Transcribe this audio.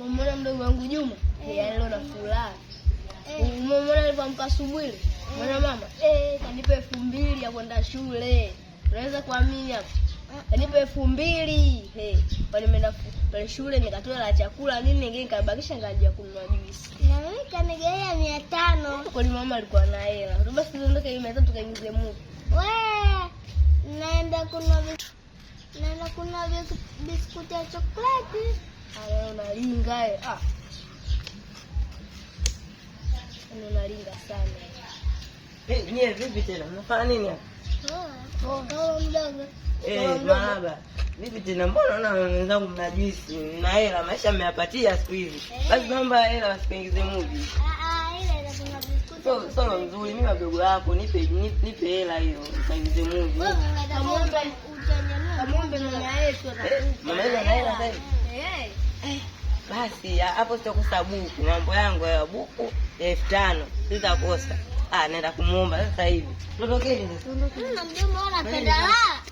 Mmemwona mdogo wangu Juma eh. leo na furaha. Eh. Mmemwona alivyoamka asubuhi. Mwana eh. mama, eh, kanipa elfu mbili ya kwenda shule. Unaweza kuamini hapo? Kanipa elfu mbili. Eh, pale nimeenda pale shule nikatoa la chakula nini ngine nikabakisha ngaji ya kununua juisi. Na mimi kanigea mia tano. Kwa ni mama alikuwa na hela? Ruba sisi ndio kile mia tatu tukaingize Mungu. Wewe naenda kununua vitu. Naenda kununua biskuti ya chokoleti unalinga ah, unalinga eh. ah. sana eh, nyie. Vipi tena mnafanya nini? Ah, oh, eh, baba vipi tena, mbona ona wenzangu mnajisi na hela, maisha mmeyapatia siku hizi, basi naomba hela wasipingize muvi ah, solo nzuri. Mimi wadogo yako, nipe nipe hela hiyo nipaingize muvi. Mama ana hela sasa basi hapo buku, mambo yangu ya buku elfu tano sitakosa. Ah, naenda kumuomba sasa hivi. Ondokeni sasa.